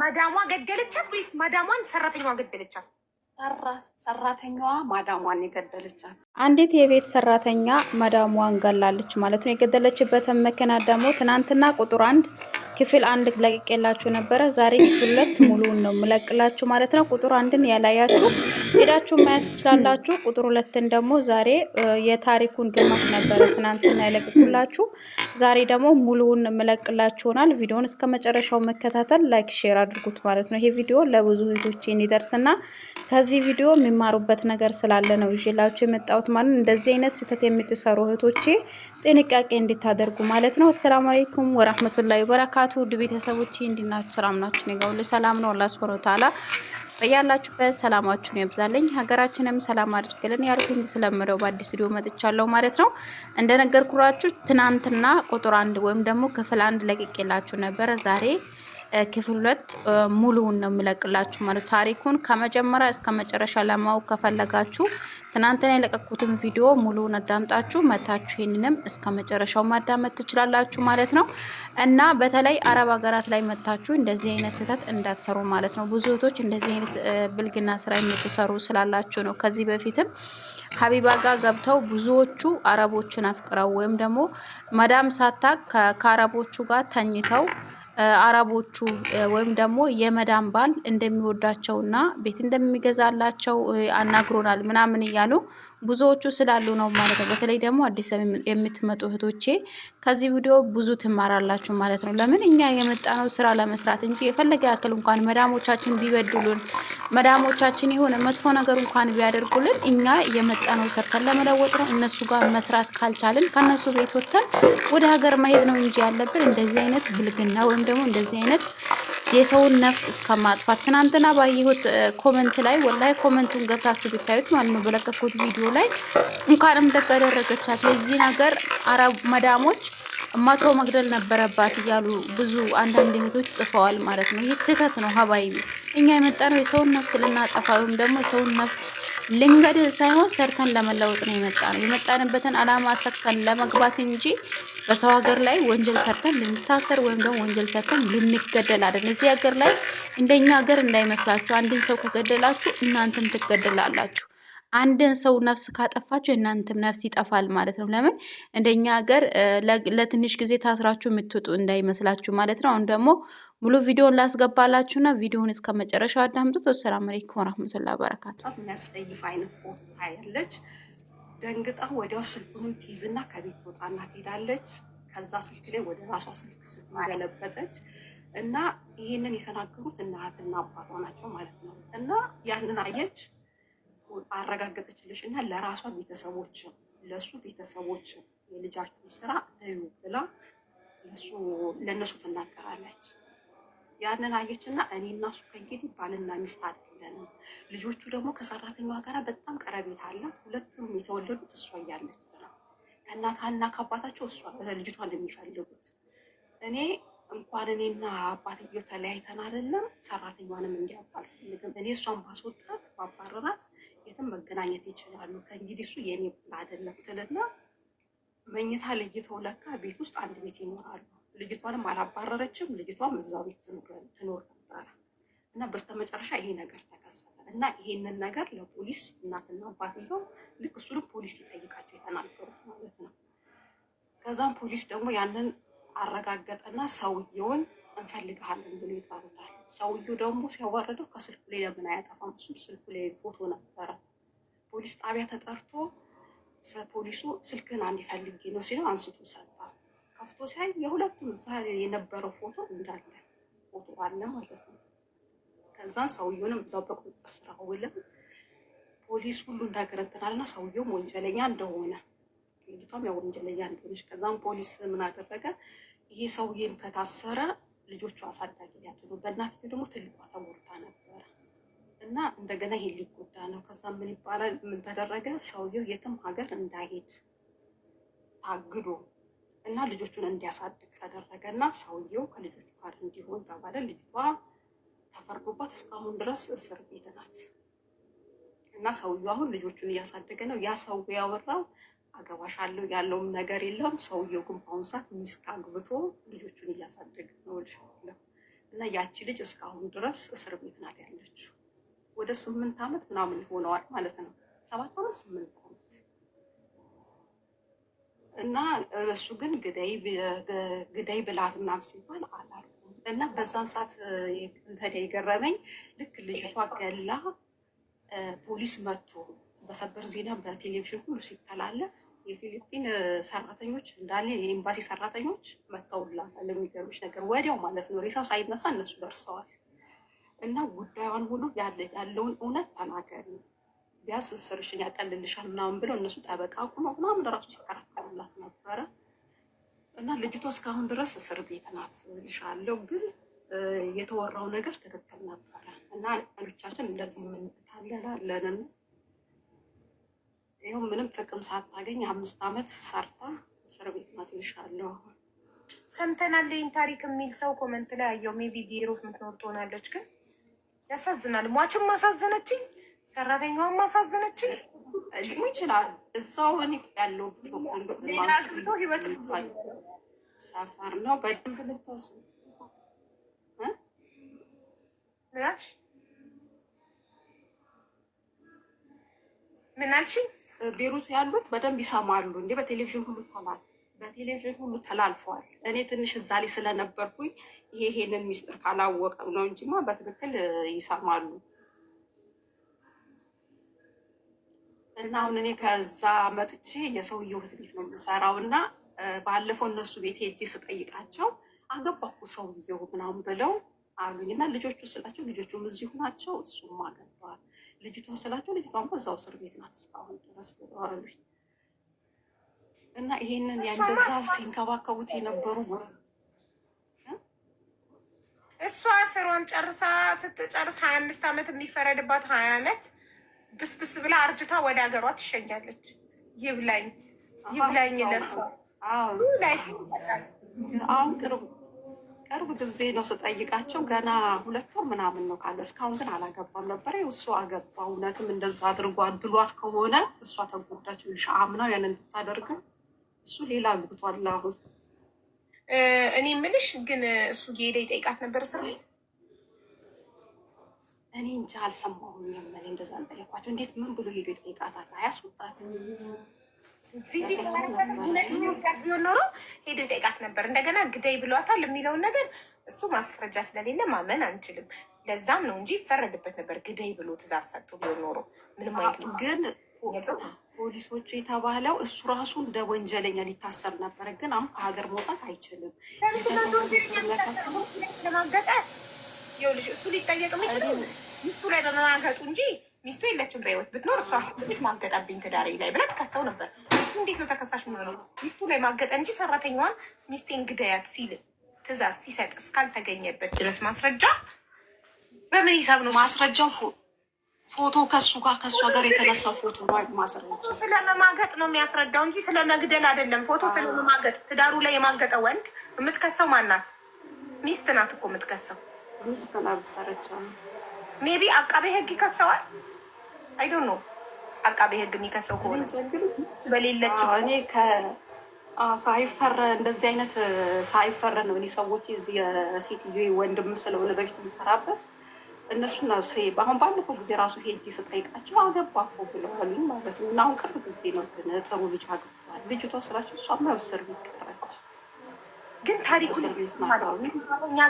ማዳሟ ገደለቻት ወይስ ማዳሟን ሰራተኛዋ ገደለቻት? ሰራተኛዋ ማዳሟን የገደለቻት። አንዲት የቤት ሰራተኛ ማዳሟን ገላለች ማለት ነው። የገደለችበትን ምክንያት ደግሞ ትናንትና ቁጥር አንድ ክፍል አንድ ለቅቄላችሁ ነበረ። ዛሬ ክፍል ሁለት ሙሉውን ነው የምለቅላችሁ ማለት ነው። ቁጥር አንድን ያላያችሁ ሄዳችሁ ማየት ትችላላችሁ። ቁጥር ሁለትን ደግሞ ዛሬ የታሪኩን ግማሽ ነበረ ትናንትና ያለቅኩላችሁ። ዛሬ ደግሞ ሙሉውን የምለቅላችሁናል። ቪዲዮን እስከ መጨረሻው መከታተል፣ ላይክ፣ ሼር አድርጉት ማለት ነው። ይሄ ቪዲዮ ለብዙ እህቶቼ እንዲደርስና ከዚህ ቪዲዮ የሚማሩበት ነገር ስላለ ነው ይዤላችሁ የመጣሁት ማለት ነው። እንደዚህ አይነት ስህተት የምትሰሩ እህቶቼ ጥንቃቄ እንድታደርጉ ማለት ነው። አሰላሙ አለይኩም ወራህመቱላሂ ወበረካቱ ውድ ቤተሰቦቼ እንዲናችሁ ሰላም ናችሁ? እኔ ጋር ሁሉ ሰላም ነው። አላህ ሱብሃነሁ ወተዓላ በያላችሁበት ሰላማችሁን ያብዛልኝ፣ ሀገራችንም ሰላም አድርግልን። ያልኩ እንደተለመደው በአዲስ ቪዲዮ መጥቻለሁ ማለት ነው። እንደነገርኩራችሁ ትናንትና ቁጥር አንድ ወይም ደግሞ ክፍል አንድ ለቅቄላችሁ ነበረ። ዛሬ ክፍል ሁለት ሙሉውን ነው የምለቅላችሁ ማለት ታሪኩን ከመጀመሪያ እስከ መጨረሻ ለማወቅ ከፈለጋችሁ ትናንትና የለቀኩትን ቪዲዮ ሙሉውን አዳምጣችሁ መታችሁ ይህንንም እስከ መጨረሻው ማዳመጥ ትችላላችሁ ማለት ነው እና በተለይ አረብ ሀገራት ላይ መታችሁ እንደዚህ አይነት ስህተት እንዳትሰሩ ማለት ነው። ብዙ እህቶች እንደዚህ አይነት ብልግና ስራ የምትሰሩ ስላላችሁ ነው። ከዚህ በፊትም ሀቢባ ጋር ገብተው ብዙዎቹ አረቦችን አፍቅረው ወይም ደግሞ መዳም ሳታቅ ከአረቦቹ ጋር ተኝተው አረቦቹ ወይም ደግሞ የመዳም ባል እንደሚወዳቸው እና ቤት እንደሚገዛላቸው አናግሮናል ምናምን እያሉ ብዙዎቹ ስላሉ ነው ማለት ነው። በተለይ ደግሞ አዲስ የምትመጡ እህቶቼ ከዚህ ቪዲዮ ብዙ ትማራላችሁ ማለት ነው። ለምን እኛ የመጣነው ስራ ለመስራት እንጂ የፈለገ ያክል እንኳን መዳሞቻችን ቢበድሉን፣ መዳሞቻችን የሆነ መጥፎ ነገር እንኳን ቢያደርጉልን እኛ የመጣነው ሰርተን ለመለወጥ ነው። እነሱ ጋር መስራት ካልቻልን ከነሱ ቤት ወጥተን ወደ ሀገር መሄድ ነው እንጂ ያለብን እንደዚህ አይነት ብልግና ወይም ደግሞ እንደዚህ አይነት የሰውን ነፍስ እስከ ማጥፋት ትናንትና ባየሁት ኮመንት ላይ ወላሂ ኮመንቱን ገብታችሁ ብታዩት ማለት ነው በለቀኩት ቪዲዮ ላይ እንኳንም ደግ አደረገቻት የዚህ ነገር አረብ መዳሞች እማቶ መግደል ነበረባት እያሉ ብዙ አንዳንድ እህቶች ጽፈዋል ማለት ነው። ይህ ስህተት ነው ሀባይ እኛ የመጣ ነው የሰውን ነፍስ ልናጠፋ ወይም ደግሞ የሰውን ነፍስ ልንገድል ሳይሆን ሰርተን ለመለወጥ ነው የመጣ ነው። የመጣንበትን አላማ ሰርተን ለመግባት እንጂ በሰው ሀገር ላይ ወንጀል ሰርተን ልንታሰር ወይም ደግሞ ወንጀል ሰርተን ልንገደል አይደለም። እዚህ ሀገር ላይ እንደኛ ሀገር እንዳይመስላችሁ። አንድን ሰው ከገደላችሁ እናንተም ትገደላላችሁ። አንድን ሰው ነፍስ ካጠፋችሁ እናንተም ነፍስ ይጠፋል ማለት ነው። ለምን እንደኛ ሀገር ለትንሽ ጊዜ ታስራችሁ የምትወጡ እንዳይመስላችሁ ማለት ነው። አሁን ደግሞ ሙሉ ቪዲዮን ላስገባላችሁና ቪዲዮን እስከ መጨረሻው አዳምጡት። ወሰላም አለይኩም ወራህመቱላሂ ወበረካቱ። ደንግጣ ወዲያው ስልኩንም ትይዝና ከቤት ትወጣና ትሄዳለች። ከዛ ስልክ ላይ ወደ ራሷ ስልክ ስልኩ ገለበጠች እና ይህንን የተናገሩት እናትና አባቷ ናቸው ማለት ነው። እና ያንን አየች አረጋገጠችልሽ እና ለራሷ ቤተሰቦችም ለእሱ ቤተሰቦችም የልጃችሁን ስራ እዩ ብላ ለእነሱ ትናገራለች። ያንን አየች እና እኔ እና እሱ ከእንግዲህ ባልና ሚስት አለ የለንም። ልጆቹ ደግሞ ከሰራተኛዋ ጋር በጣም ቀረቤታ አላት። ሁለቱም የተወለዱት እሷ እያለች ነው። ከእናትና ከአባታቸው እሷ ልጅቷን የሚፈልጉት እኔ እንኳን እኔና አባትየው ተለያይተን አይደለም ሰራተኛዋንም እንዲያውቁ አልፈልግም። እኔ እሷን ባስወጣት ባባረራት የትም መገናኘት ይችላሉ። ከእንግዲህ እሱ የእኔ ብትል አይደለም ትልና መኝታ ለይተው ለካ ቤት ውስጥ አንድ ቤት ይኖራሉ። ልጅቷንም አላባረረችም። ልጅቷም እዛው ቤት ትኖር እና በስተመጨረሻ ይሄ ነገር ተከሰተ እና ይሄንን ነገር ለፖሊስ እናትና አባትየው ልክ እሱንም ፖሊስ ሊጠይቃቸው የተናገሩት ማለት ነው። ከዛም ፖሊስ ደግሞ ያንን አረጋገጠና ሰውየውን እንፈልግሃለን ብሎ ይጠሩታል። ሰውየው ደግሞ ሲያዋረደው ከስልኩ ላይ ለምን አያጠፋም? እሱም ስልኩ ላይ ፎቶ ነበረ። ፖሊስ ጣቢያ ተጠርቶ ፖሊሱ ስልክን አንድ ፈልጌ ነው ሲለው አንስቶ ሰጣ። ከፍቶ ሲያይ የሁለቱም እዛ የነበረው ፎቶ እንዳለ ፎቶ አለ ማለት ነው። ከዛ ሰውየውንም እዛው በቁጥጥር ስር አውለን ፖሊስ ሁሉ እንዳገረ እንትን አለና ሰውየውም ወንጀለኛ እንደሆነ ልጅቷም ያው ወንጀለኛ እንደሆነች ከዛም ፖሊስ ምን አደረገ? ይሄ ሰውዬም ከታሰረ ልጆቹ አሳዳጊ ያሉ በእናትዬ ደግሞ ትልቋ ተጎድታ ነበረ እና እንደገና ይሄ ሊጎዳ ነው። ከዛ ምን ይባላል? ምን ተደረገ? ሰውየው የትም ሀገር እንዳይሄድ ታግዶ እና ልጆቹን እንዲያሳድግ ተደረገ እና ሰውየው ከልጆቹ ጋር እንዲሆን ተባለ። ልጅቷ ተፈርዶባት እስካሁን ድረስ እስር ቤት ናት እና ሰውየው አሁን ልጆቹን እያሳደገ ነው። ያ ሰው ያወራው አገባሻለሁ ያለውም ነገር የለም። ሰውየው ግን በአሁኑ ሰዓት ሚስት አግብቶ ልጆቹን እያሳደገ ነው እና ያቺ ልጅ እስካሁን ድረስ እስር ቤት ናት ያለችው። ወደ ስምንት ዓመት ምናምን ሆነዋል ማለት ነው። ሰባት ዓመት ስምንት ዓመት እና እሱ ግን ግዳይ ግዳይ ብላት ምናምን ሲባል አለ እና በዛ ሰዓት እንትን የገረመኝ ልክ ልጅቷ ገላ ፖሊስ መጥቶ በሰበር ዜና በቴሌቪዥን ሁሉ ሲተላለፍ የፊሊፒን ሰራተኞች እንዳለ የኤምባሲ ሰራተኞች መጥተውላታል። የሚገርምሽ ነገር ወዲያው ማለት ነው ሬሳው ሳይነሳ እነሱ ደርሰዋል። እና ጉዳዩን ሁሉ ያለውን እውነት ተናገሪ ቢያንስ እስርሽን ያቀልልሻል ምናምን ብለው እነሱ ጠበቃ ቁመው ምናምን ራሱ ሲከራከሩላት ነበረ። እና ልጅቷ እስካሁን ድረስ እስር ቤት ናት ልሻለው። ግን የተወራው ነገር ትክክል ነበረ እና አንዳንዶቻችን እንደዚህ የምንታለላለን። ይኸው ምንም ጥቅም ሳታገኝ አምስት ዓመት ሰርታ እስር ቤት ናት ልሻለው። ሰምተናል ይህን ታሪክ የሚል ሰው ኮመንት ላይ ያየው ሜቢ ቢሮ ምትኖር ትሆናለች። ግን ያሳዝናል። ሟችን ማሳዘነችኝ፣ ሰራተኛዋን ማሳዘነችኝ። ሊሙ ይችላል እዛው እኔ ያለው ሌላ ግብቶ ህይወት ሳፋር ነው። በደንብ ልታስ ምን አልሽ? ቤሩት ያሉት በደንብ ይሰማሉ እንዴ? በቴሌቪዥን ሁሉ ተላል በቴሌቪዥን ሁሉ ተላልፈዋል። እኔ ትንሽ እዛ ላይ ስለነበርኩኝ ይሄንን ሚስጥር ካላወቀ ነው እንጂማ በትክክል ይሰማሉ። እና አሁን እኔ ከዛ መጥቼ የሰውየው ቤት ነው የምሰራው እና ባለፈው እነሱ ቤት ሄጄ ስጠይቃቸው አገባኩ ሰውየው ምናምን ብለው አሉኝ እና ልጆቹ ስላቸው ልጆቹም እዚሁ ናቸው። እሱም አገባል ልጅቷ ስላቸው ልጅቷ እዛው እስር ቤት ናት እስካሁን ድረስ አሉኝ እና ይሄንን ያንደዛ ሲንከባከቡት የነበሩ እሷ ስሯን ጨርሳ ስትጨርስ ሀያ አምስት ዓመት የሚፈረድባት ሀያ ዓመት ብስብስ ብላ አርጅታ ወደ ሀገሯ ትሸኛለች። ይብላኝ ይብላኝ ለሷ አሁን ቅርብ ቅርብ ጊዜ ነው ስጠይቃቸው ገና ሁለት ወር ምናምን ነው ካለ እስካሁን ግን አላገባም ነበረ። እሱ አገባ። እውነትም እንደዛ አድርጎ አድሏት ከሆነ እሷ ተጎዳች። ልሽ አምናው ያን እንድታደርግ እሱ ሌላ አግብቷል። አሁን እኔ ምልሽ ግን እሱ ጌደ ይጠይቃት ነበር ስ እኔ እንጃ አልሰማሁም። የምን እንደዛ ንጠየኳቸው እንዴት ምን ብሎ ሄዶ ይጠይቃታል? አያስወጣት ፊዚክ እውነት የሚወዳት ቢሆን ኖሮ ሄዶ ይጠይቃት ነበር። እንደገና ግደይ ብሏታል የሚለውን ነገር እሱ ማስረጃ ስለሌለ ማመን አንችልም። ለዛም ነው እንጂ ይፈረድበት ነበር ግደይ ብሎ ትእዛዝ ሰጥቶ ቢሆን ኖሮ ምንም አይነት ግን ፖሊሶቹ የተባለው እሱ ራሱ እንደ ወንጀለኛ ሊታሰር ነበረ። ግን አሁን ከሀገር መውጣት አይችልም። ለማገጣት ይኸውልሽ እሱ ሊጠየቅ የሚችለው ሚስቱ ላይ በመማገጡ እንጂ ሚስቱ የለችም በህይወት ብትኖር እሷ ቤት ማገጣብኝ ትዳሬ ላይ ብላ ትከሰው ነበር። ሚስቱ እንዴት ነው ተከሳሽ የሚሆነው? ሚስቱ ላይ ማገጠ እንጂ ሰራተኛዋን ሚስቴ እንግዳያት ሲል ትእዛዝ ሲሰጥ እስካልተገኘበት ድረስ ማስረጃ በምን ሂሳብ ነው ማስረጃው? ፎቶ ከሱ ጋር ከሱ ሀገር የተነሳው ፎቶ ማስረጃ ስለመማገጥ ነው የሚያስረዳው እንጂ ስለመግደል አይደለም። ፎቶ ስለመማገጥ ትዳሩ ላይ የማገጠ ወንድ የምትከሰው ማናት? ሚስት ናት እኮ የምትከሰው ሚስት ነበረች። ሜቢ አቃቤ ህግ ይከሰዋል። አይዶን ነው አቃቤ ህግ የሚከሰው ከሆነ በሌለችው እኔ ሳይፈረ እንደዚህ አይነት ሳይፈረ ነው። እኔ ሰዎች እዚህ የሴትዮ ወንድም ስለሆነ በፊት የምሰራበት እነሱ አሁን ባለፈው ጊዜ ራሱ ሄጂ ስጠይቃቸው አገባሁ ብለዋል ማለት ነው። እና አሁን ቅርብ ጊዜ ነው ግን ጥሩ ልጅ አግብተዋል። ልጅቷ እሷ መብስር ግን ታሪኩ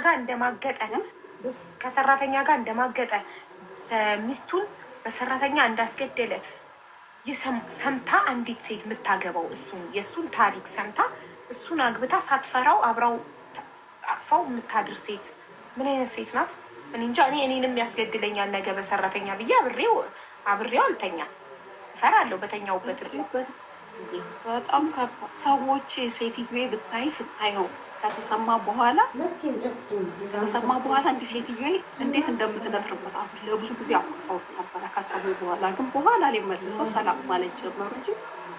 ጋር እንደማገጠ ከሰራተኛ ጋር እንደማገጠ ሚስቱን በሰራተኛ እንዳስገደለ ሰምታ አንዲት ሴት የምታገባው እሱን የእሱን ታሪክ ሰምታ እሱን አግብታ ሳትፈራው አብራው አቅፋው የምታድር ሴት ምን አይነት ሴት ናት? እኔ እንጃ። እኔ እኔንም ያስገድለኛል ነገ በሰራተኛ ብዬ አብሬው አብሬው አልተኛ እፈራለሁ። በተኛውበት በጣም ሰዎች ሴትዮ ብታይ ስታየው ከተሰማ በኋላ ከተሰማ በኋላ እንዲህ ሴትዮ እንዴት እንደምትነጥርበት አሁ ለብዙ ጊዜ አኮፋሁት ነበረ። ከሰሙ በኋላ ግን በኋላ ላይ መልሰው ሰላም ማለት ጀመሩ እንጂ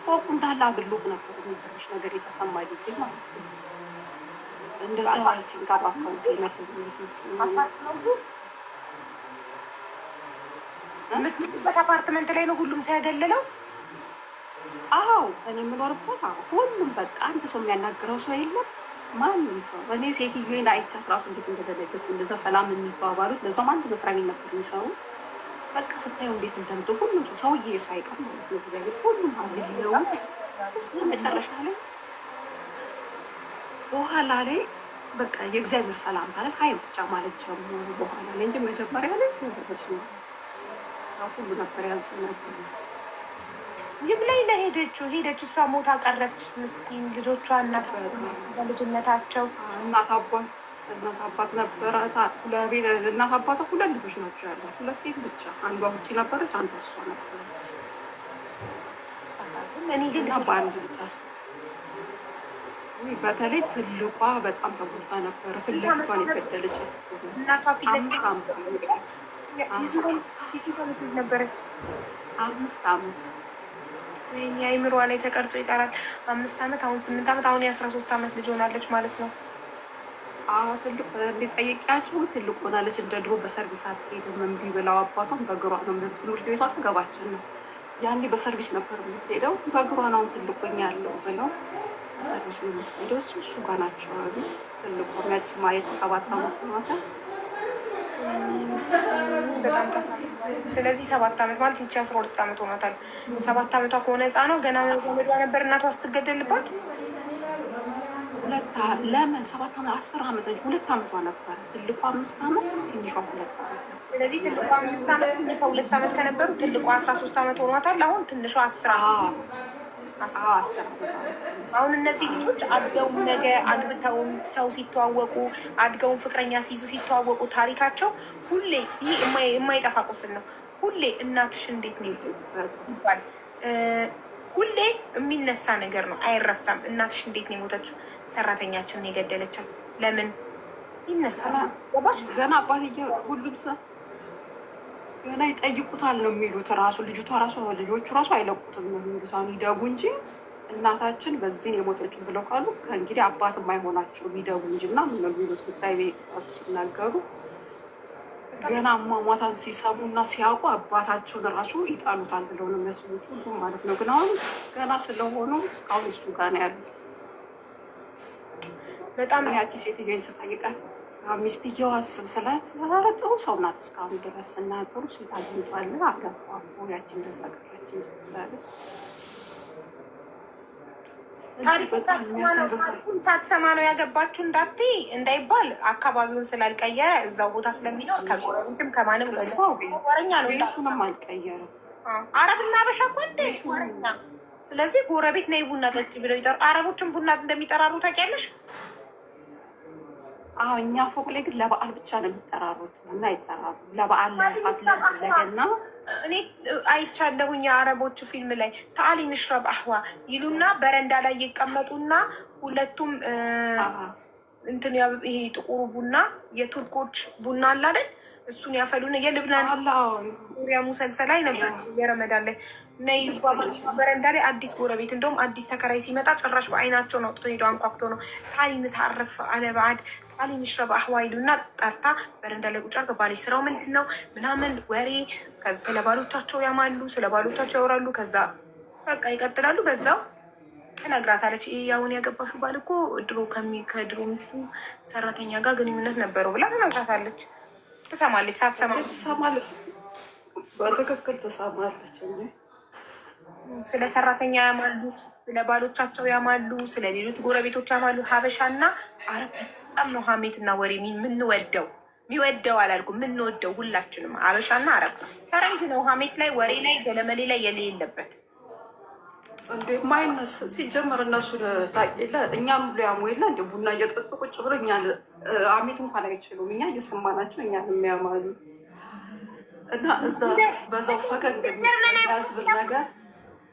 ፎቁ እንዳለ አግሎት ነበር የሚበልሽ ነገር የተሰማ ጊዜ ማለት ነው። እንደዛ ሲንቀባከቡት የነበሩ ልጆቹ የምትኖርበት አፓርትመንት ላይ ነው ሁሉም ሳያደለለው አዎ፣ እኔ የምኖርበት ሁሉም በቃ አንድ ሰው የሚያናግረው ሰው የለም። ማንም ሰው እኔ ሴትዮን አይቻት ራሱ እንዴት እንደደነገጥኩ እንደዛ ሰላም የሚባባሉት ለዛውም አንድ መስሪያ ቤት ነበር የሚሰሩት። በቃ ስታየው እንዴት እንደምት ሁሉ ሰው ሰውዬ ሳይቀር ማለት ነው እግዚአብሔር ሁሉም አግለውት እስከ መጨረሻ ላይ በኋላ ላይ በቃ የእግዚአብሔር ሰላምታ ላይ ሀይ ብቻ ማለት ጀምሩ በኋላ ላይ እንጂ መጀመሪያ ላይ ነው ሰው ሁሉ ነበር ያዘነበት። ይህም ላይ ለሄደችው ሄደች እሷ ሞታ ቀረች። ምስኪን ልጆቿ እናት በልጅነታቸው እናት አባት እናት አባት ነበረ። እናት አባት ሁለት ልጆች ናቸው ያሏት፣ ሁለት ሴት ብቻ። አንዷ ውጭ ነበረች፣ አንዷ እሷ ነበረች። እኔ ግን በአንድ ብቻ በተለይ ትልቋ በጣም ተጎድታ ነበረ። ፊት ለፊቷን የገደለች አምስት ዓመት ነበረች። አምስት ዓመት ወይም የአይምሯ ላይ ተቀርጾ ይቀራል። አምስት አመት አሁን ስምንት አመት አሁን የአስራ ሶስት አመት ልጅ ሆናለች ማለት ነው። አዎ ትልቁ ጠየቂያቸው ትልቅ ሆናለች። እንደ ድሮ በሰርቪስ አትሄድ መንቢ ብለው አባቷም በግሯ ነው። በፊት ትምህርት ቤቷ ገባችን ነው። ያኔ በሰርቪስ ነበር የምትሄደው በግሯ ነው። አሁን ያለው ብለው በሰርቪስ ነው የምትሄደው። እሱ እሱ ጋ ናቸው ትልቁ ሚያጭ ማየቱ ሰባት አመት ሆኗታል። በጣም ስለዚህ ሰባት ዓመት ማለት ይቺ አስራ ሁለት ዓመት ሆኗታል። ሰባት ዓመቷ ከሆነ ህፃኗ ገና መመዷ ነበር እናቷ ስትገደልባት ለምን ሰባት ዓመት አስር ዓመት ነች። ሁለት ዓመቷ ነበር ትልቋ አምስት ዓመት ትንሿ ሁለት ዓመት ስለዚህ ትልቋ አምስት ዓመት ትንሿ ሁለት ዓመት ከነበሩ ትልቋ አስራ ሶስት ዓመት ሆኗታል። አሁን ትንሿ አስራ አሁን እነዚህ ልጆች አድገው ነገ አግብተውም ሰው ሲተዋወቁ አድገውን ፍቅረኛ ሲይዙ ሲተዋወቁ ታሪካቸው ሁሌ ይህ የማይጠፋ ቁስል ነው። ሁሌ እናትሽ እንዴት ነው ይባል፣ ሁሌ የሚነሳ ነገር ነው፣ አይረሳም። እናትሽ እንዴት ነው የሞተችው፣ ሰራተኛችን የገደለቻት ለምን ይነሳል? ገና አባትዬ ሁሉም ሰው ገና ይጠይቁታል ነው የሚሉት። ራሱ ልጅቷ ራሱ ልጆቹ ራሱ አይለቁትም ነው የሚሉት። አሁን ይደጉ እንጂ እናታችን በዚህን የሞተችን ብለው ካሉ ከእንግዲህ አባት አይሆናቸውም ይደጉ እንጂ ምን ነው የሚሉት። ጉዳይ ቤት ሲናገሩ ገና አሟሟታን ሲሰሙ እና ሲያውቁ አባታቸውን ራሱ ይጣሉታል ብለው ነው የሚያስቡት ሁሉም ማለት ነው። ግን አሁን ገና ስለሆኑ እስካሁን እሱ ጋር ነው ያሉት። በጣም ያቺ ሴትዮን ስታይቃል ሚስትየዋ ስላት ኧረ ጥሩ ሰው ናት እስካሁን ድረስ እና ጥሩ ሴት አግኝቷል አገባ ያችን በዛ ቀራችን ትላለች። ታሪኩን ሳትሰማ ነው ያገባችሁ እንዳትይ እንዳይባል አካባቢውን ስላልቀየረ እዛው ቦታ ስለሚኖር ከጎረቤትም ከማንም ወረኛ ነው። ቤቱንም አልቀየረም። አረብና አበሻ እኮ እንደ ወረኛ። ስለዚህ ጎረቤት ነይ ቡና ጠጪ ብለው ይጠሩ። አረቦችን ቡና እንደሚጠራሩ ታውቂያለሽ? አዎ እኛ ፎቅ ላይ ግን ለበዓል ብቻ ነው የሚጠራሩት። ቡና ይጠራሩ ለበዓል ለገና እኔ አይቻለሁኝ የአረቦቹ ፊልም ላይ ተአሊ ንሽረብ አህዋ ይሉና በረንዳ ላይ ይቀመጡና ሁለቱም እንትን ይሄ ጥቁሩ ቡና የቱርኮች ቡና አላለን እሱን ያፈሉን የልብናን ሪያ ሙሰልሰ ላይ ነበር የረመዳን ላይ ነይ በረንዳ ላይ አዲስ ጎረቤት እንደውም አዲስ ተከራይ ሲመጣ ጭራሽ በአይናቸው ነው አውጥቶ ሄደው አንኳኩቶ ነው ታሊን ታረፍ አለበአድ ባሌ ንሽረብ አህዋይሉና ጠርታ በረንዳ ላይ ቁጭ አድርገው ባሌ ስራው ምንድን ነው ምናምን ወሬ ስለ ባሎቻቸው ያማሉ፣ ስለ ባሎቻቸው ያወራሉ። ከዛ በቃ ይቀጥላሉ። በዛው ይህ ያሁን ያገባሹ ባል እኮ ድሮ ከድሮ ሚስቱ ሰራተኛ ጋር ግንኙነት ነበረው ብላ ተነግራታለች። ትሰማለች። ሳትሰማ ትሰማለች። በትክክል ትሰማለች። ስለ ሰራተኛ ያማሉ፣ ስለ ባሎቻቸው ያማሉ፣ ስለ ሌሎች ጎረቤቶች ያማሉ። ሀበሻና አረበት በጣም ነው ሀሜትና ወሬ የምንወደው። የሚወደው አላልኩ የምንወደው ሁላችንም፣ አበሻና አረብ ፈረንጅ ነው። ሀሜት ላይ ወሬ ላይ ገለመሌ ላይ የሌለበት ማይነስ ሲጀምር እነሱ ታቄለ እኛም ሊያሙ የለ እንደ ቡና እየጠጡ ቁጭ ብሎ እኛ አሜት እንኳን አይችሉም። እኛ እየሰማናቸው እኛ የሚያማሉ እና እዛ በዛው ፈገግ የሚያስብል ነገር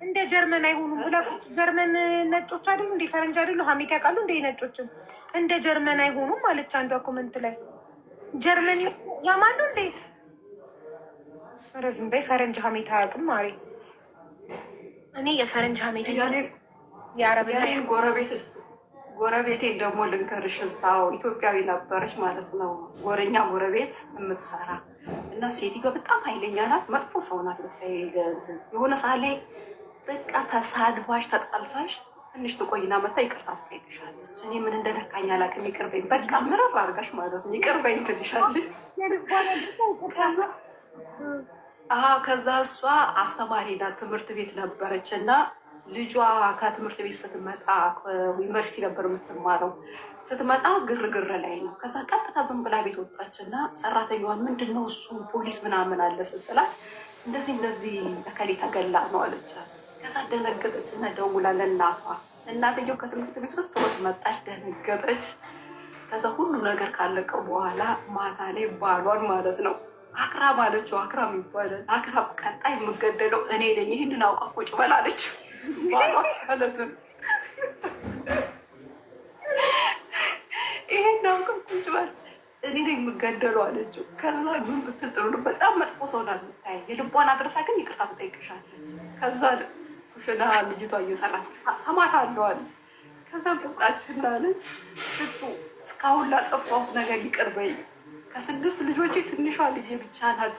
እንደ ጀርመን አይሆኑም። ሁለቱ ጀርመን ነጮች አይደሉ እንደ ፈረንጅ አይደሉ ሀሜት ያውቃሉ እንደ ነጮችም እንደ ጀርመን አይሆኑም ማለች አንዷ ኮመንት ላይ ጀርመን ያማሉ እንዴ? ረዝም በይ። ፈረንጅ ሀሜት አያውቅም ማሪ። እኔ የፈረንጅ ሀሜት የአረብያ ጎረቤቴ ደግሞ ልንከርሽ፣ እዛው ኢትዮጵያዊ ነበረች ማለት ነው። ወረኛ ጎረቤት የምትሰራ እና ሴትዮዋ በጣም ኃይለኛ ናት፣ መጥፎ ሰው ናት። የሆነ ሰዓት ላይ በቃ ተሳድባሽ፣ ተጣልሳሽ ትንሽ ትቆይና መታ ይቅርታ ትጠይቅሻለች። እኔ ምን እንደነካኝ አላውቅም። ይቅርበኝ በቃ ምረር አድርጋሽ ማለት ነው። ይቅርበኝ ትልሻለች። ከዛ እሷ አስተማሪ ናት፣ ትምህርት ቤት ነበረች እና ልጇ ከትምህርት ቤት ስትመጣ ዩኒቨርሲቲ ነበር የምትማረው። ስትመጣ ግርግር ላይ ነው። ከዛ ቀጥታ ዝም ብላ ቤት ወጣች እና ሰራተኛዋን ምንድን እሱ ፖሊስ ምናምን አለ ስትላት እንደዚህ እንደዚህ እከሌ ተገላ ነው አለቻት። ከዛ ደነገጠች እና ደውላ ለእናቷ እናትየው ከትምህርት ቤት ስትሮጥ መጣች፣ ደነገጠች። ከዛ ሁሉ ነገር ካለቀው በኋላ ማታ ላይ ባሏን ማለት ነው አክራም አለችው። አክራም ይባላል። አክራም ቀጣይ የምገደለው እኔ ነኝ፣ ይህንን አውቃ ቁጭ በላለችው ማለት ነው እኔ ነው የምገደሉ አለችው። ከዛ ግን ብትል ጥሩ በጣም መጥፎ ሰው ናት የምታይ የልቧን አድረሳ ግን ይቅርታ ትጠይቅሻለች። ከዛ ሽና ልጅቷ እየሰራች ሰማት አለው አለች። ከዛ ቁጣችና አለች ሽቱ እስካሁን ላጠፋሁት ነገር ይቅር በይ። ከስድስት ልጆች ትንሿ ልጅ ብቻ ናት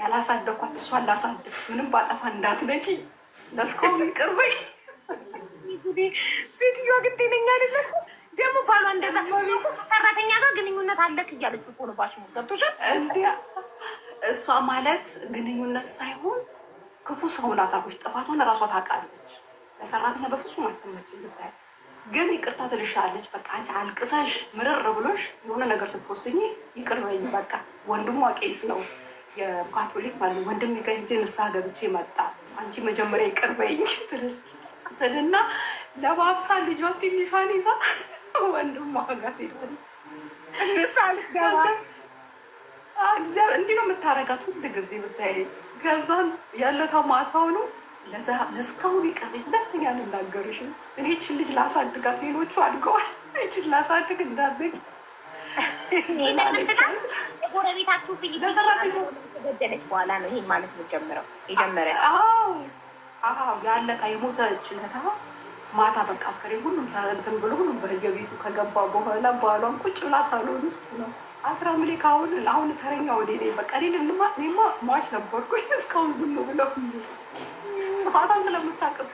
ያላሳደኳት፣ እሷን ላሳድግ ምንም ባጠፋ እንዳትነኪ ለእስካሁን ይቅር በይ ሴትዮዋ ግን ጤነኛ አይደለም። ደግሞ ባሏ እንደዛ ሰራተኛ ጋር ግንኙነት አለክ እያለች እኮ ነው ባሽ ገብቶሻል። እሷ ማለት ግንኙነት ሳይሆን ክፉ ሰው ናት። አጎች ጥፋቷን እራሷ ታውቃለች። ለሰራተኛ በፍጹም አትመችም። ብታይ ግን ይቅርታ ትልሻለች። በቃ አንቺ አልቅሰሽ ምርር ብሎሽ የሆነ ነገር ስትወስኝ ይቅር በይኝ በቃ። ወንድሟ ቄስ ነው የካቶሊክ ማለት ነው። ወንድሜ ጋር ሄጄ ንስሐ ገብቼ መጣ። አንቺ መጀመሪያ ይቅር በይኝ ትልሽ እና ለባብሳ ልጇ ትንሿን ይዛ ወንድሟ ጋር ትሄዳለች። እንዲህ ነው የምታረጋት ሁል ጊዜ ብታይ። ገዛን ያለታው ማታው ነው ለእስካሁን ይቀር ሁለተኛ ልናገርሽ እኔ ችን ልጅ ላሳድጋት፣ ሌሎቹ አድገዋል። ችን ላሳድግ እንዳደግ ጎረቤታችሁ ፊሊፒን ተገደለች በኋላ ነው ይሄን ማለት ነው ጀምረው የጀመረ ያለቀ የሞተች እህቷ ማታ በቃ አስከሬን ሁሉም እንትን ብሎ ሁሉም በየቤቱ ከገባ በኋላ ባሏን ቁጭ ብላ ሳሎን ውስጥ ነው አትራምሌ ካሁን አሁን ተረኛ ወደ እኔ በቃ እኔ ልንማ እኔማ ሟች ነበርኩኝ እስካሁን ዝም ብለው ጥፋቷን ስለምታቅብ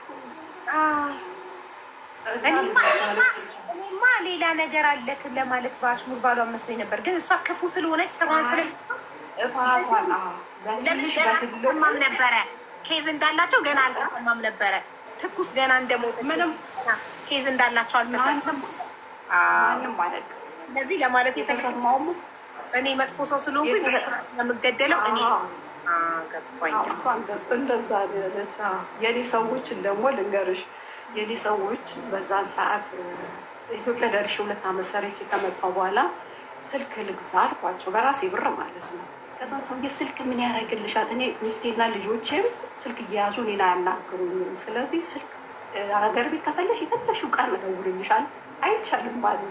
እኔማ ሌላ ነገር አለክ ለማለት በአሽሙር ባሏን መስሎኝ ነበር። ግን እሷ ክፉ ስለሆነች ስራዋን ስለ ነበረ ኬዝ እንዳላቸው ገና አልተሰማም ነበረ። ትኩስ ገና እንደሞት ምንም ኬዝ እንዳላቸው አልተሰማም። እንደዚህ ለማለት የተሰማውም እኔ መጥፎ ሰው ስለሆንኩኝ የምገደለው እኔ እንደዛ አለች። የኔ ሰዎችን ደግሞ ልንገርሽ፣ የኔ ሰዎች በዛን ሰዓት ኢትዮጵያ ደርሼ ሁለት ዓመት ሰርቼ ከመጣሁ በኋላ ስልክ ልግዛ አልኳቸው፣ በራሴ ብር ማለት ነው ከዛ ሰውዬ ስልክ ምን ያደርግልሻል? እኔ ሚስቴና ልጆቼም ስልክ እየያዙ እኔን አያናግሩኝም። ስለዚህ ስልክ ሀገር ቤት ከፈለሽ የፈለሽው ቀን እደውልልሻል። አይቻልም አሉ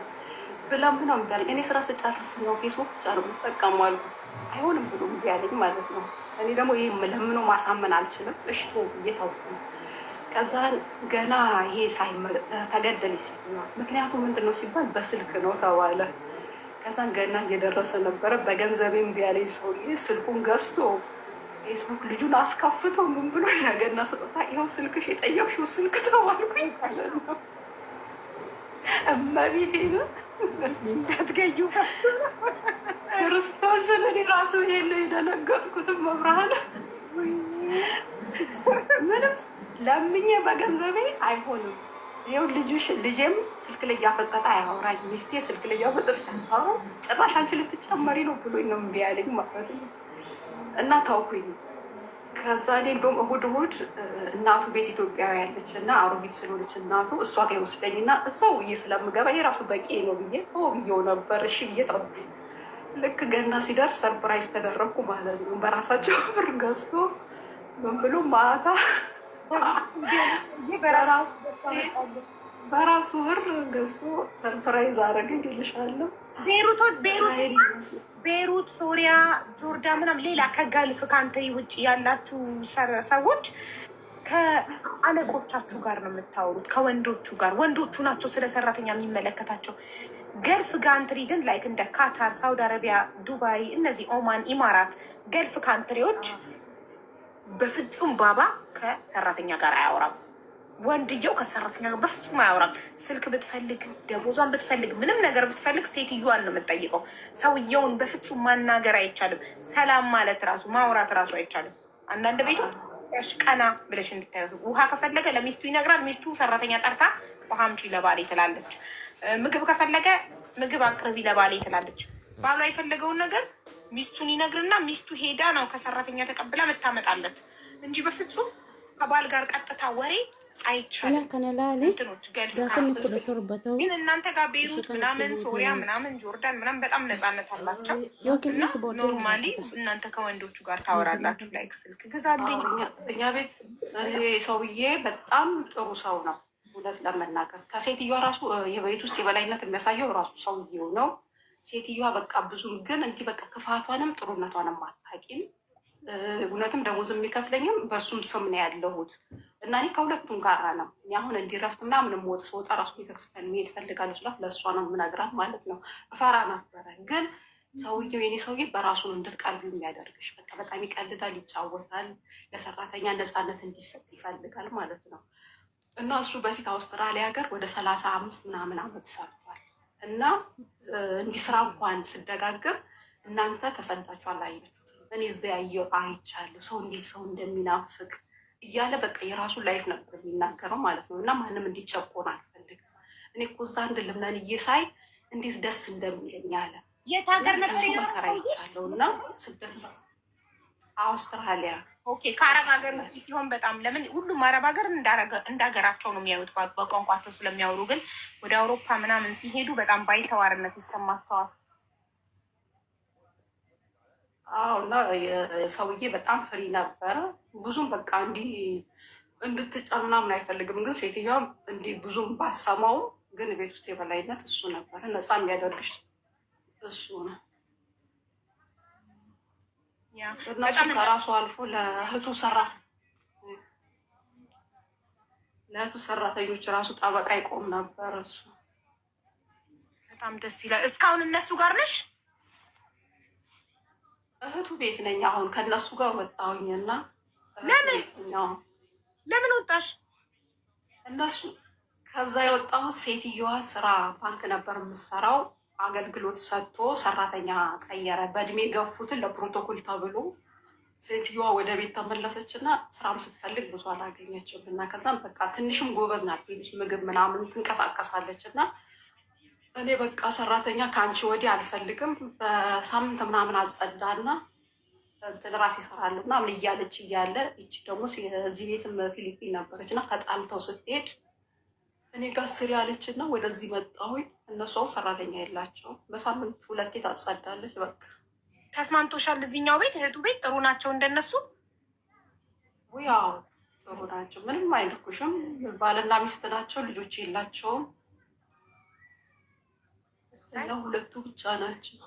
ብለም ብሎ እምቢ አለኝ። እኔ ስራ ስጨርስ ነው ፌስቡክ ብቻ ነው የምጠቀሙ አልኩት። አይሆንም ብሎ እምቢ አለኝ ማለት ነው። እኔ ደግሞ ይህ ለምኖ ማሳመን አልችልም። እሽቶ እየታውቁ ከዛ ገና ይሄ ሳይ ተገደል ሴት። ምክንያቱም ምንድን ነው ሲባል በስልክ ነው ተባለ። ከዛ ገና እየደረሰ ነበረ። በገንዘቤ እምቢ ያለኝ ሰውዬ ስልኩን ገዝቶ ፌስቡክ ልጁን አስከፍቶ ምን ብሎ ነገና ስጦታ ይኸው ስልክሽ የጠየቅሽው ስልክ ተባልኩኝ። እመቤቴ ነው እንዳትገዩ ክርስቶስን እኔ ራሱ ይሄን የደነገጥኩትም መብርሃን ምንም ለምኜ በገንዘቤ አይሆንም ይኸው ልጅሽ ልጄም ስልክ ላይ እያፈጠጠ አያወራኝ፣ ሚስቴ ስልክ ላይ እያፈጠጠች አታወራም፣ ጭራሽ አንቺ ልትጨመሪ ነው ብሎኝ ነው እምቢ ያለኝ ማለት ነው። እና ታውኩኝ። ከዛ እኔ እንደውም እሑድ እሑድ እናቱ ቤት ኢትዮጵያዊ ያለች እና አሮጊት ስለሆነች እናቱ እሷ ጋ ይወስደኝና እዛው ውዬ ስለምገባ የራሱ በቂ ነው ብዬ ተው ብዬው ነበር። እሺ ብዬ ጠ ልክ ገና ሲደርስ ሰርፕራይዝ ተደረግኩ ማለት ነው። በራሳቸው ብር ገዝቶ ምን ብሎ ማታ በራሱ ብር ገዝቶ ሰርፕራይዝ አረገኝ እልሻለሁ። ቤሩት ቤሩት፣ ሶሪያ፣ ጆርዳን ምናምን ሌላ ከጋልፍ ከአንተ ውጭ ያላችሁ ሰዎች ከአለቆቻችሁ ጋር ነው የምታወሩት፣ ከወንዶቹ ጋር። ወንዶቹ ናቸው ስለ ሰራተኛ የሚመለከታቸው። ገልፍ ካንትሪ ግን ላይክ እንደ ካታር፣ ሳውዲ አረቢያ፣ ዱባይ፣ እነዚህ ኦማን፣ ኢማራት ገልፍ ካንትሪዎች በፍጹም ባባ ከሰራተኛ ጋር አያወራም። ወንድየው ከሰራተኛ ጋር በፍጹም አያወራም። ስልክ ብትፈልግ ደሞዟን ብትፈልግ ምንም ነገር ብትፈልግ ሴትዮዋን ነው የምትጠይቀው። ሰውየውን በፍጹም ማናገር አይቻልም። ሰላም ማለት ራሱ ማውራት ራሱ አይቻልም። አንዳንድ ቤቶች ቀና ብለሽ እንድታዩ ውሃ ከፈለገ ለሚስቱ ይነግራል። ሚስቱ ሰራተኛ ጠርታ ውሃ አምጪ ለባሌ ትላለች። ምግብ ከፈለገ ምግብ አቅርቢ ለባሌ ትላለች። ባሏ የፈለገውን ነገር ሚስቱን ይነግርና ሚስቱ ሄዳ ነው ከሰራተኛ ተቀብላ መታመጣለት እንጂ በፍጹም ከባል ጋር ቀጥታ ወሬ አይቻልም። ግን እናንተ ጋር ቤሩት ምናምን፣ ሶሪያ ምናምን፣ ጆርዳን ምናምን በጣም ነፃነት አላቸው እና ኖርማሊ እናንተ ከወንዶቹ ጋር ታወራላችሁ። ላይክ ስልክ ግዛልኝ። እኛ ቤት ሰውዬ በጣም ጥሩ ሰው ነው፣ እውነት ለመናገር ከሴትዮዋ ራሱ የቤት ውስጥ የበላይነት የሚያሳየው ራሱ ሰውዬው ነው። ሴትዮዋ በቃ ብዙም ግን እንዲህ በቃ ክፋቷንም ጥሩነቷንም አታውቂም። እውነትም ደሞዝ የሚከፍለኝም በእሱም ስም ነው ያለሁት እና እኔ ከሁለቱም ጋራ ነው። እኔ አሁን እንዲረፍት ምናምን ወጥ ስወጣ ራሱ ቤተክርስቲያን መሄድ እፈልጋለሁ ስላት ለእሷ ነው የምነግራት ማለት ነው። እፈራ ነበረ ግን ሰውየው የኔ ሰውዬ በራሱን ነው የሚያደርግሽ። በቃ በጣም ይቀልዳል፣ ይጫወታል፣ ለሰራተኛ ነፃነት እንዲሰጥ ይፈልጋል ማለት ነው። እና እሱ በፊት አውስትራሊያ ሀገር ወደ ሰላሳ አምስት ምናምን አመት ሰርቷል። እና እንዲስራ እንኳን ስደጋግም እናንተ ተሰዳችኋል አላየችሁት። እኔ እዚያ ያየው አይቻለሁ ሰው እንዴት ሰው እንደሚናፍቅ እያለ በቃ የራሱ ላይፍ ነበር የሚናገረው ማለት ነው። እና ማንም እንዲጨቆን አልፈልግም። እኔ እኮ እዛ አንድ ልምነን እየሳይ እንዴት ደስ እንደሚለኝ አለ። የት ሀገር ነበር መከራ ይቻለው እና ስደት አውስትራሊያ ኦኬ። ከአረብ ሀገር ውጭ ሲሆን በጣም ለምን ሁሉም አረብ ሀገር እንዳገራቸው ነው የሚያዩት በቋንቋቸው ስለሚያወሩ። ግን ወደ አውሮፓ ምናምን ሲሄዱ በጣም ባይተዋርነት ይሰማቸዋል። አዎ እና ሰውዬ በጣም ፍሪ ነበረ። ብዙም በቃ እንዲህ እንድትጫን ምናምን አይፈልግም። ግን ሴትዮዋም እንዲህ ብዙም ባሰማውም ግን ቤት ውስጥ የበላይነት እሱ ነበረ። ነፃ የሚያደርግሽ እሱ ነው። እነሱ ከራሱ አልፎ ለእህቱ ሰራ ለእህቱ ሰራተኞች ራሱ ጠበቃ ይቆም ነበር። እሱ በጣም ደስ ይላል። እስካሁን እነሱ ጋር ነሽ? እህቱ ቤት ነኝ አሁን። ከእነሱ ጋር ወጣሁኝና ለምን ለምን ወጣሽ? እነሱ ከዛ የወጣሁት ሴትዮዋ ስራ ባንክ ነበር የምሰራው አገልግሎት ሰጥቶ ሰራተኛ ቀየረ። በእድሜ ገፉትን ለፕሮቶኮል ተብሎ ሴትዮዋ ወደ ቤት ተመለሰች እና ስራም ስትፈልግ ብዙ አላገኘችም እና ከዛም በቃ ትንሽም ጎበዝ ናት፣ ቤትሽ ምግብ ምናምን ትንቀሳቀሳለች እና እኔ በቃ ሰራተኛ ከአንቺ ወዲህ አልፈልግም፣ በሳምንት ምናምን አጸዳና እንትን ራሴ እሰራለሁ ምናምን እያለች እያለ ይቺ ደግሞ እዚህ ቤትም ፊሊፒን ነበረች እና ተጣልተው ስትሄድ እኔ ጋር ስሪ እና ወደዚህ መጣሁ። እነሷም ሰራተኛ የላቸው በሳምንት ሁለቴ ታጸዳለች። በቃ ተስማምቶሻል? እዚህኛው ቤት እህቱ ቤት ጥሩ ናቸው እንደነሱ? ያው ጥሩ ናቸው። ምንም አይልኩሽም። ባልና ሚስት ናቸው። ልጆች የላቸውም። እና ሁለቱ ብቻ ናቸው።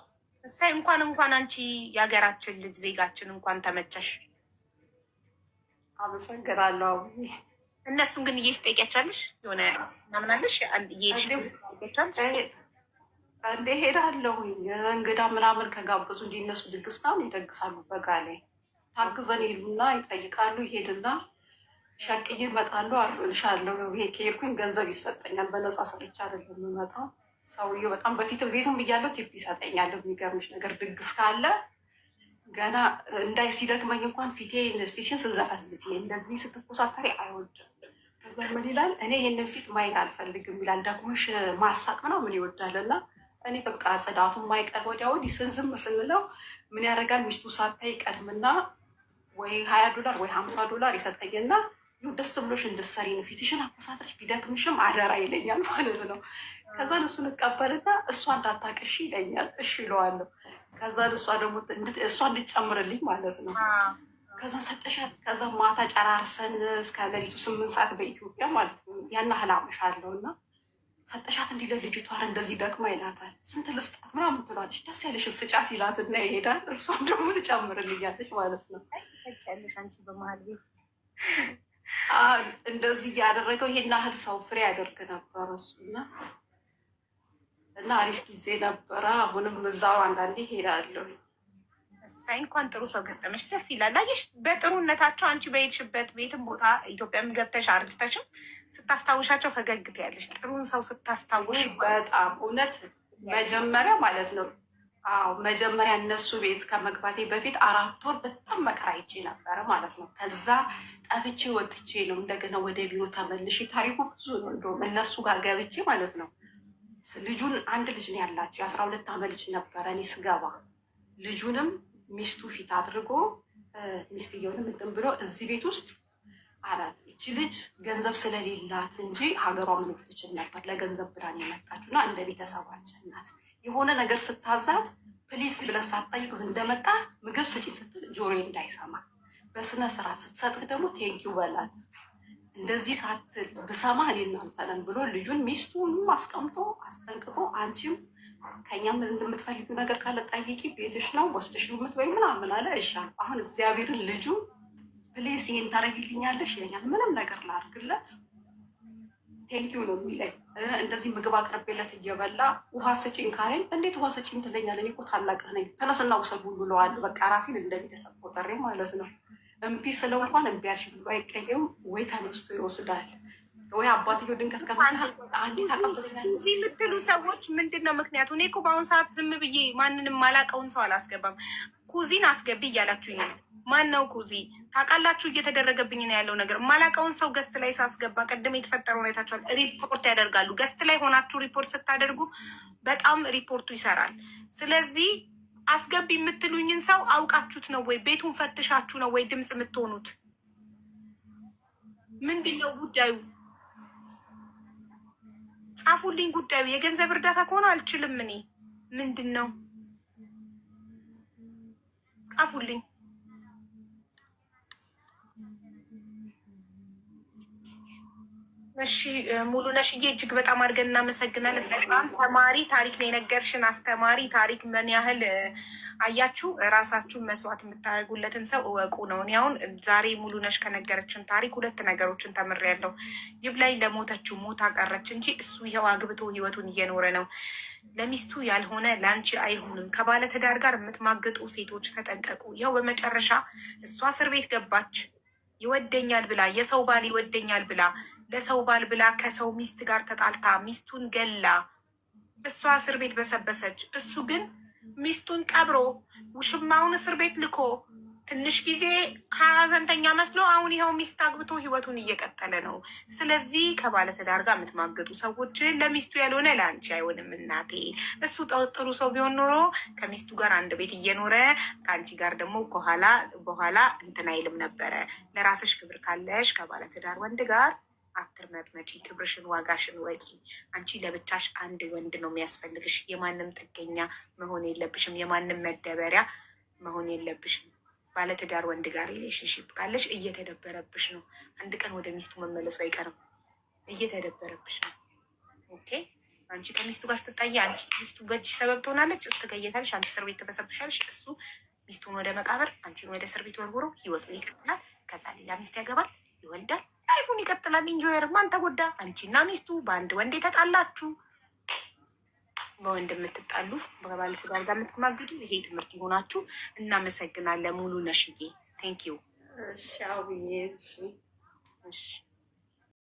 እሳይ እንኳን እንኳን አንቺ የሀገራችን ልጅ ዜጋችን እንኳን ተመቸሽ። አመሰግናለሁ። እነሱም ግን እየሄድሽ ትጠይቂያቸዋለሽ የሆነ ምናምናለሽ እንደ ሄዳለሁ እንግዳ ምናምን ከጋበዙ እንጂ እነሱ ድግስ ምናምን ይደግሳሉ። በጋ ላይ ታግዘን ይሉና ይጠይቃሉ። ይሄድና ሸቅዬ እመጣለሁ አርፍልሻለሁ። ይሄ ከሄድኩኝ ገንዘብ ይሰጠኛል። በነፃ ስርቻ አይደለም የምመጣው። ሰውዬው በጣም በፊት ቤቱም ብያለሁ ቲፕ ይሰጠኛል። የሚገርምሽ ነገር ድግስ ካለ ገና እንዳይ ሲደግመኝ እንኳን ፊቴ ፊቴን ስዘፈዝፍ እንደዚህ ስትኮሳተሪ አይወድም። ከዛ ምን ይላል? እኔ ይሄንን ፊት ማየት አልፈልግም ይላል። ደግሞሽ ማሳቅ ነው ምን ይወዳል እና እኔ በቃ ጽዳቱን ማይቀር ወዲያ ወዲህ ስንዝም ስንለው ምን ያደርጋል? ሚስቱ ሳታይ ቀድምና ወይ ሀያ ዶላር ወይ ሀምሳ ዶላር ይሰጠኝና ይሁ ደስ ብሎሽ እንድትሰሪ ነው ፊትሽን አኮሳተሽ ቢደክምሽም አደራ ይለኛል ማለት ነው። ከዛን እሱን እቀበልና እሷ እንዳታቅሽ ይለኛል። እሺ ይለዋለሁ። ከዛን እሷ ደግሞ እሷ እንድጨምርልኝ ማለት ነው ከዛ ሰጠሻት። ከዛ ማታ ጨራርሰን እስከ ሌሊቱ ስምንት ሰዓት በኢትዮጵያ ማለት ነው። ያን ያህል አለው እና ሰጠሻት እንዲለ ልጅቷ ኧረ እንደዚህ ደክማ ይላታል። ስንት ልስጣት ምናምን ትሏለች። ደስ ያለሽን ስጫት ይላት እና ይሄዳል። እርሷም ደግሞ ትጨምርልኛለች ማለት ነው። በመሀል ቤት እንደዚህ እያደረገው ይሄን ያህል ሰው ፍሬ ያደርግ ነበር እሱ እና እና አሪፍ ጊዜ ነበረ። አሁንም እዛው አንዳንዴ ይሄዳለሁ። እሰይ እንኳን ጥሩ ሰው ገጠመች፣ ደስ ይላል። አየሽ በጥሩነታቸው አንቺ በሄድሽበት ቤትም ቦታ ኢትዮጵያም ገብተሽ አርጅተሽም ስታስታውሻቸው ፈገግት ያለሽ ጥሩን ሰው ስታስታውሽ በጣም እውነት መጀመሪያ ማለት ነው። አዎ መጀመሪያ እነሱ ቤት ከመግባቴ በፊት አራት ወር በጣም መከራ አይቼ ነበረ ማለት ነው። ከዛ ጠፍቼ ወጥቼ ነው እንደገና ወደ ቢሮ ተመልሼ ታሪኩ ብዙ ነው። እንደውም እነሱ ጋር ገብቼ ማለት ነው ልጁን አንድ ልጅ ነው ያላቸው የአስራ ሁለት ዓመት ልጅ ነበረ እኔ ስገባ ልጁንም ሚስቱ ፊት አድርጎ ሚስትየውንም እንትን ብሎ እዚህ ቤት ውስጥ አላት። እቺ ልጅ ገንዘብ ስለሌላት እንጂ ሀገሯ መኖር ትችል ነበር። ለገንዘብ ብላን የመጣችው እና እንደ ቤተሰባችን ናት። የሆነ ነገር ስታዛት ፕሊስ ብለህ ሳትጠይቅ እንደመጣ ምግብ ስጪኝ ስትል ጆሮ እንዳይሰማ በስነ ስርዓት ስትሰጥህ ደግሞ ቴንኪው በላት። እንደዚህ ሳትል ብሰማ እኔ እናንተ ነን ብሎ ልጁን ሚስቱንም አስቀምጦ አስጠንቅቆ አንቺም ከእኛም የምትፈልጊው ነገር ካለ ጠይቂ፣ ቤትሽ ነው ወስድሽ የምትበይ ምናምን አለ። እሺ አልኩ። አሁን እግዚአብሔርን ልጁ ፕሌስ ይሄን ታደርጊልኛለሽ ይለኛል። ምንም ነገር ላድርግለት ቴንኪው ነው የሚለኝ። እንደዚህ ምግብ አቅርቤለት እየበላ ውሃ ስጪኝ ካለኝ እንዴት ውሃ ስጪኝ ትለኛል? እኔ እኮ ታላቅህ ነኝ፣ ተነስና ውሰድ ሁሉ እለዋለሁ። በቃ ራሴን እንደ ቤተሰብ ቆጠሬ ማለት ነው። እምቢ ስለው እንኳን እምቢ አልሽኝ ብሎ አይቀየም። ወይታን ውስጥ ይወስዳል ወይ አባትዮ ድንገት እዚህ የምትሉ ሰዎች ምንድን ነው ምክንያቱ? እኔ እኮ በአሁኑ ሰዓት ዝም ብዬ ማንንም ማላቀውን ሰው አላስገባም። ኩዚን አስገቢ እያላችሁ ነው። ማን ነው ኩዚ? ታውቃላችሁ፣ እየተደረገብኝ ነው ያለው ነገር። ማላቀውን ሰው ገስት ላይ ሳስገባ ቅድም የተፈጠረው ሁኔታችኋል። ሪፖርት ያደርጋሉ። ገስት ላይ ሆናችሁ ሪፖርት ስታደርጉ በጣም ሪፖርቱ ይሰራል። ስለዚህ አስገቢ የምትሉኝን ሰው አውቃችሁት ነው ወይ? ቤቱን ፈትሻችሁ ነው ወይ ድምፅ የምትሆኑት? ምንድን ነው ጉዳዩ? ጻፉልኝ። ጉዳዩ የገንዘብ እርዳታ ከሆነ አልችልም። እኔ ምንድን ነው ጻፉልኝ። እሺ ሙሉ ነሽዬ እጅግ በጣም አድርገን እናመሰግናለን። በጣም ተማሪ ታሪክ ነው የነገርሽን፣ አስተማሪ ታሪክ። ምን ያህል አያችሁ ራሳችሁን መስዋዕት የምታደርጉለትን ሰው እወቁ ነው። እኔ አሁን ዛሬ ሙሉ ነሽ ከነገረችን ታሪክ ሁለት ነገሮችን ተምሬያለሁ። ይብላኝ ለሞተችው ሞት አቀረች እንጂ እሱ ይኸው አግብቶ ህይወቱን እየኖረ ነው። ለሚስቱ ያልሆነ ለአንቺ አይሆንም። ከባለትዳር ጋር የምትማግጡ ሴቶች ተጠንቀቁ። ይኸው በመጨረሻ እሷ እስር ቤት ገባች። ይወደኛል ብላ የሰው ባል ይወደኛል ብላ ለሰው ባል ብላ ከሰው ሚስት ጋር ተጣልታ ሚስቱን ገላ እሷ እስር ቤት በሰበሰች። እሱ ግን ሚስቱን ቀብሮ ውሽማውን እስር ቤት ልኮ ትንሽ ጊዜ ሀዘንተኛ መስሎ አሁን ይኸው ሚስት አግብቶ ህይወቱን እየቀጠለ ነው። ስለዚህ ከባለትዳር ጋር የምትማገጡ ሰዎች ለሚስቱ ያልሆነ ለአንቺ አይሆንም እናቴ። እሱ ጥሩ ሰው ቢሆን ኖሮ ከሚስቱ ጋር አንድ ቤት እየኖረ ከአንቺ ጋር ደግሞ ከኋላ በኋላ እንትን አይልም ነበረ። ለራስሽ ክብር ካለሽ ከባለትዳር ወንድ ጋር አትርመጥመጪ፣ ክብርሽን ዋጋሽን ወቂ። አንቺ ለብቻሽ አንድ ወንድ ነው የሚያስፈልግሽ። የማንም ጥገኛ መሆን የለብሽም። የማንም መደበሪያ መሆን የለብሽም። ባለትዳር ወንድ ጋር ሪሌሽንሽፕ ካለሽ እየተደበረብሽ ነው። አንድ ቀን ወደ ሚስቱ መመለሱ አይቀርም። እየተደበረብሽ ነው። ኦኬ አንቺ ከሚስቱ ጋር ስትጣያ አንቺ ሚስቱ በእጅ ሰበብ ትሆናለች። ትገየታለሽ፣ አንቺ እስር ቤት ተበሰብሻለሽ። እሱ ሚስቱን ወደ መቃብር፣ አንቺን ወደ እስር ቤት ወርውሮ ህይወቱን ይቀጥላል። ከዛ ሌላ ሚስት ያገባል፣ ይወልዳል። ላይፉን ይቀጥላል። ኢንጆየር ማን ተጎዳ? እና ሚስቱ በአንድ ወንድ የተጣላችሁ በወንድ የምትጣሉ በባለ ትዳር ጋር የምትማግዱ ይሄ ትምህርት ይሆናችሁ። እናመሰግናለን። ሙሉ ነሽዬ ቴንኪው። ሻው ብዬ